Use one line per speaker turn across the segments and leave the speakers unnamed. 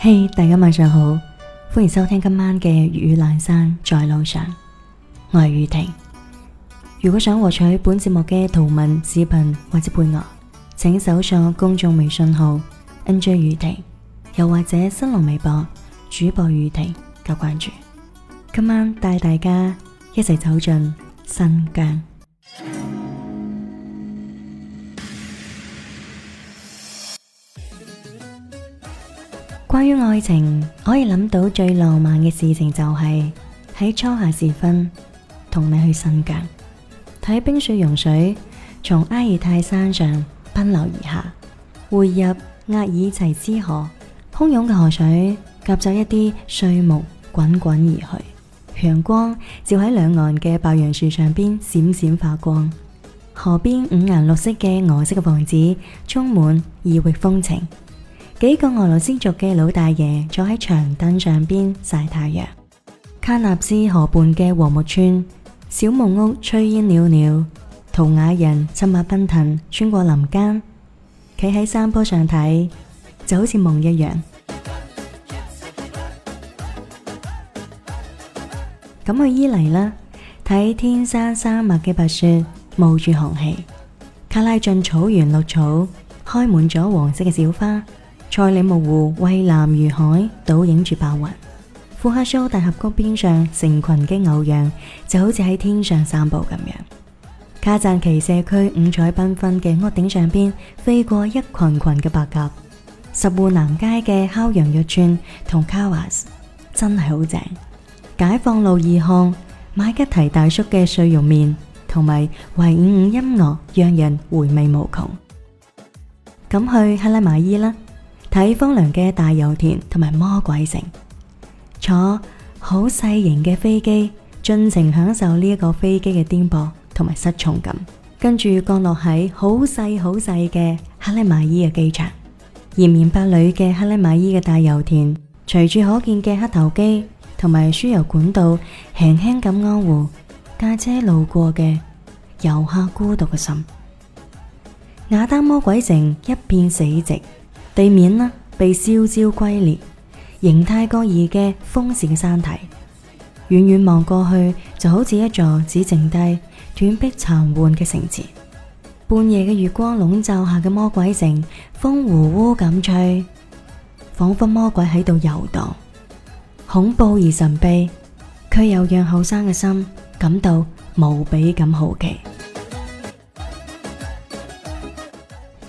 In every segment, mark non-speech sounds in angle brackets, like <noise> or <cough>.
嘿，hey，大家晚上好，歡迎收聽今晚嘅粵語闌珊在路上，我係宇婷。如果想獲取本節目嘅圖文、視頻或者配樂，請搜索公眾微信號 nj 宇婷，又或者新浪微博主播宇婷加關注。今晚帶大家一齊走進新疆。關於愛情，可以諗到最浪漫嘅事情就係、是、喺初夏時分，同你去新疆，睇冰雪融水從阿爾泰山上奔流而下，匯入額爾齊斯河，洶湧嘅河水夾雜一啲碎木滾滾而去，陽光照喺兩岸嘅白楊樹上邊閃閃發光，河邊五顏六色嘅俄式嘅房子充滿異域風情。幾個俄羅斯族嘅老大爺坐喺長凳上邊曬太陽。喀納斯河畔嘅禾木村，小木屋炊煙裊裊，圖瓦人策馬奔騰穿過林間，企喺山坡上睇，就好似夢一樣。咁 <music> <music> 去伊犁啦，睇天山山脈嘅白雪冒住寒氣，喀拉峻草原綠草開滿咗黃色嘅小花。賽里木湖蔚藍如海，倒影住白雲。闊克蘇大峽谷邊上成群嘅牛羊，就好似喺天上散步咁樣。喀贊其社區五彩繽紛嘅屋頂上邊，飛過一群群嘅白鴿。十戶南街嘅烤羊肉串同卡瓦斯真係好正。解放路二巷買吉提大叔嘅碎肉麵，同埋維吾爾音樂，讓人回味無窮。咁去克拉瑪依啦！睇荒涼嘅大油田同埋魔鬼城，坐好細型嘅飛機，盡情享受呢一個飛機嘅顛簸同埋失重感，跟住降落喺好細好細嘅克拉瑪依嘅機場，延綿百里嘅克拉瑪依嘅大油田，隨處可見嘅磕頭機同埋輸油管道，輕輕咁安撫駕車路過嘅遊客孤獨嘅心。雅丹魔鬼城一片死寂。地面被燒焦龜裂，形態各異嘅風蝕山體，遠遠望過去就好似一座只剩低斷壁殘垣嘅城池。半夜嘅月光籠罩下嘅魔鬼城，風呼呼咁吹，仿佛魔鬼喺度遊蕩，恐怖而神秘，卻又讓後生嘅心感到無比咁好奇。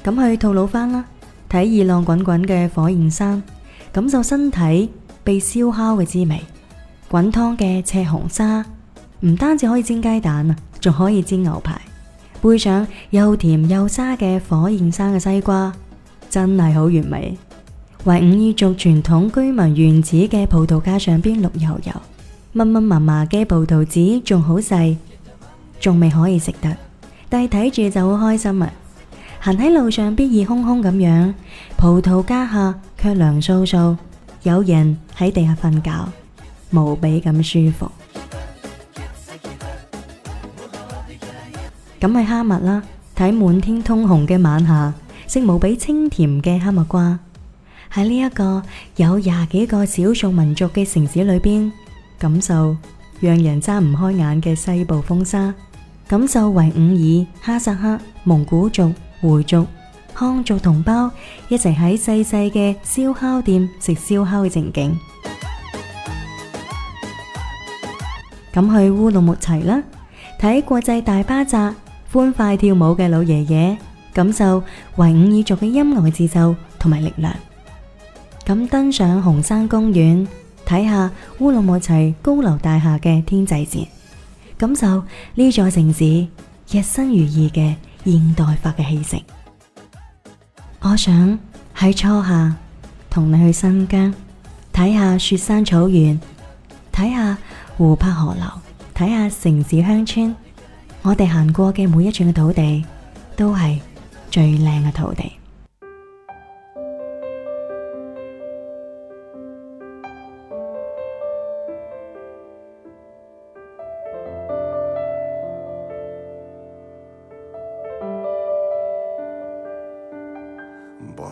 咁去吐魯番啦。睇熱浪滾滾嘅火焰山，感受身體被燒烤嘅滋味；滾燙嘅赤紅沙，唔單止可以煎雞蛋啊，仲可以煎牛排。配上又甜又沙嘅火焰山嘅西瓜，真係好完美。維吾爾族傳統民居院子嘅葡萄架上邊綠油油、密密麻麻嘅葡萄籽仲好細，仲未可以食得，但係睇住就好開心啊！行喺路上，熱烘烘咁樣；葡萄架下卻涼颼颼，有人喺地下瞓覺，無比咁舒服。咁係哈密啦，睇滿天通紅嘅晚霞，食無比清甜嘅哈密瓜。喺呢一個有廿幾個少數民族嘅城市裏邊，感受讓人睜唔開眼嘅西部風沙，感受維吾爾、哈薩克、蒙古族、回族、漢族同胞一齊喺細細嘅燒烤店食燒烤嘅情景，咁去烏魯木齊啦，睇國際大巴扎，歡快跳舞嘅老爺爺，感受維吾爾族嘅音樂嘅節奏同埋力量。咁登上紅山公園，睇下烏魯木齊高樓大廈嘅天際線，感受呢座城市日新月異嘅。現代化嘅氣息，我想喺初夏同你去新疆，睇下雪山草原，睇下湖泊河流，睇下城市鄉村。我哋行過嘅每一寸嘅土，土地，都係最靚嘅土地。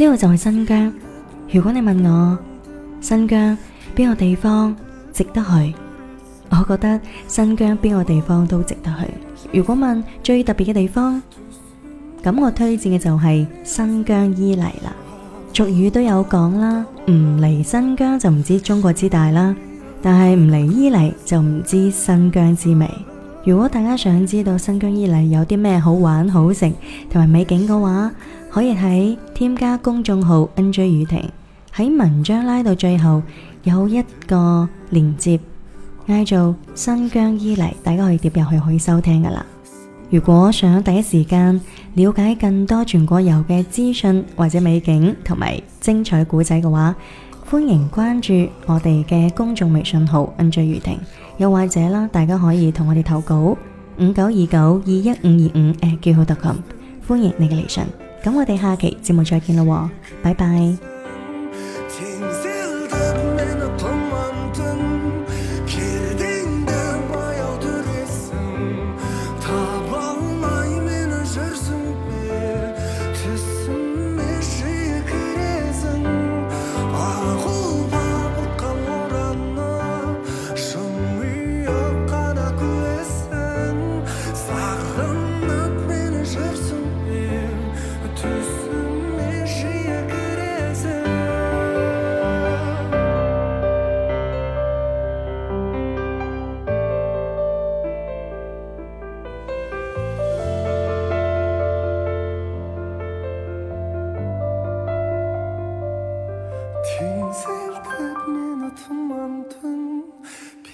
呢個就係新疆。如果你問我新疆邊個地方值得去，我覺得新疆邊個地方都值得去。如果問最特別嘅地方，咁我推薦嘅就係新疆伊犁啦。俗語都有講啦，唔嚟新疆就唔知中國之大啦，但係唔嚟伊犁就唔知新疆之美。如果大家想知道新疆伊犁有啲咩好玩好食同埋美景嘅話，可以喺添加公眾號 N J 宇婷，喺文章拉到最後有一個鏈接嗌做新疆伊犁，大家可以點入去可以收聽噶啦。如果想第一時間了解更多全國遊嘅資訊或者美景同埋精彩古仔嘅話，歡迎關注我哋嘅公眾微信號 N J 宇婷，又或者啦，大家可以同我哋投稿五九二九二一五二五誒，叫好特琴，com，歡迎你嘅嚟信。咁我哋下期節目再見咯，拜拜。